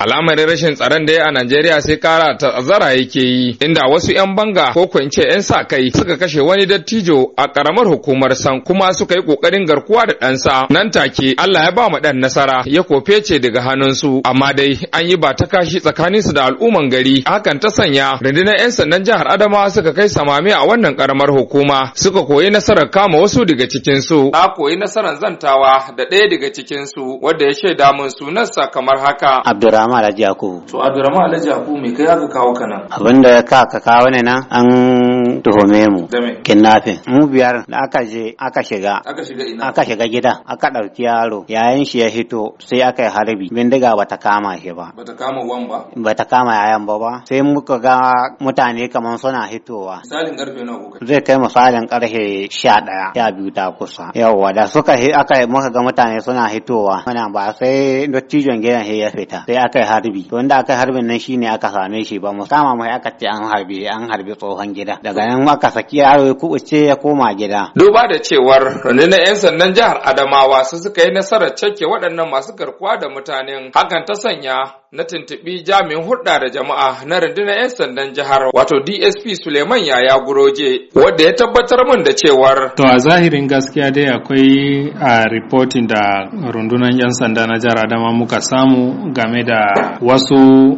Al'amarin rashin tsaron da ya a Najeriya sai kara ta'azzara yake yi, inda wasu 'yan banga ko kwance 'yan sa kai suka kashe wani dattijo a karamar hukumar san kuma suka yi kokarin garkuwa da ɗansa. Nan take Allah ya ba mu ɗan nasara ya kofe ce daga hannunsu, amma dai an yi ba ta kashi su da al'umman gari. Hakan ta sanya rundunar 'yan sandan jihar adama suka kai samami a wannan ƙaramar hukuma suka koyi nasarar kama wasu daga cikinsu. Na koyi nasarar zantawa da ɗaya daga cikin su wanda ya shaida mun sunansa kamar haka. Abdurrahman Abdurrahman Alhaji Yakubu. To Abdurrahman Alhaji Yakubu me kai aka kawo ka nan? Abinda ya ka ka kawo ne nan an tuhume mu. Da me? Mu biyar da aka je aka shiga. Aka shiga ina? Aka shiga gida. Aka ɗauki yaro. Yayan shi ya hito sai aka yi harbi. Bindiga bata kama shi ba. Bata kama wan ba? Bata kama yayan ba ba. Sai muka ga mutane kaman suna hitowa. Misalin karfe nawa kuka? Zai kai misalin karfe sha ɗaya sha biyu ta kusa. Yawwa da suka aka muka ga mutane suna hitowa. Wannan ba sai dottijon gidan ya fita. Sai aka aka yi harbi to inda aka yi harbin nan shine aka same shi ba mu kama mai aka ce an harbi an harbi tsohon gida daga nan aka saki yaro ya kubuce ya koma gida duba da cewar rundunar yan sandan jihar Adamawa su suka yi nasarar cakke waɗannan masu garkuwa da mutanen hakan ta sanya na tuntuɓi jami'in hulɗa da jama'a na rundunar 'yan sandan jihar wato dsp suleiman yaya guroje wadda ya tabbatar min da cewar to a zahirin gaskiya dai akwai a ah, reporting da rundunar 'yan sanda na jihar adama muka samu game da wasu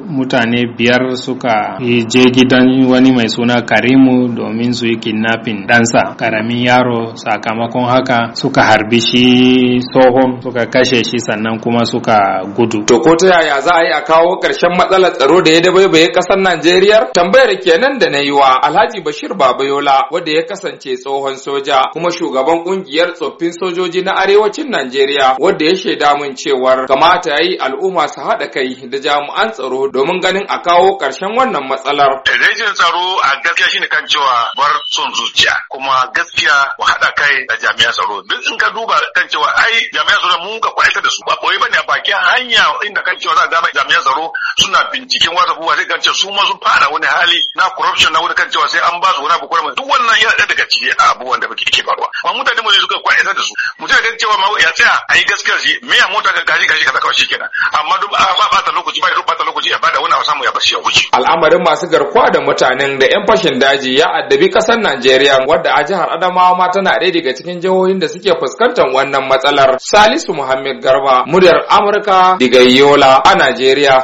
mutane biyar suka je gidan wani mai suna Karimu domin su yi kidnapping ɗansa karamin yaro sakamakon haka suka harbi shi tsohon suka kashe shi sannan kuma suka gudu. To ko ta yaya za a yi a kawo ƙarshen matsalar tsaro da ya dabaibaye ƙasar Najeriya? Tambayar kenan da na yi wa Alhaji Bashir Babayola wanda ya kasance tsohon soja kuma shugaban ƙungiyar tsoffin sojoji na arewacin Najeriya wanda ya shaida mun cewar kamata ya yi al'umma su haɗa kai da jami'an tsaro domin ganin a kawo ƙarshen wannan matsalar. Rejin tsaro a gaskiya shine kan cewa bar son zuciya kuma gaskiya mu haɗa kai da jami'an tsaro duk in ka duba kan cewa ai jami'an tsaro mun ka kwaita da su ba koyi bane a bakin hanya inda kan cewa za a gama jami'an tsaro suna binciken wata abubuwa sai kan ce su ma sun fara wani hali na corruption na wani kan cewa sai an ba su wani abu kuma duk wannan yana ɗaya daga cikin abubuwan da ke faruwa amma mutane mu suka kwaitar da su mu ya kan cewa ma ya tsaya a yi gaskiya shi me ya mota ga gaji gaji kaza kawai shikenan amma duk ba ta lokaci ba ya bata lokaci ya bada wani a samu ya bashi ya wuce al'amarin masu garkuwa da mutanen da yan fashin daji ya addabi kasar Najeriya wadda a jihar Adamawa ma tana ɗaya daga cikin jihohin da suke fuskantar wannan matsalar Salisu Muhammad Garba muryar Amurka daga Yola a Najeriya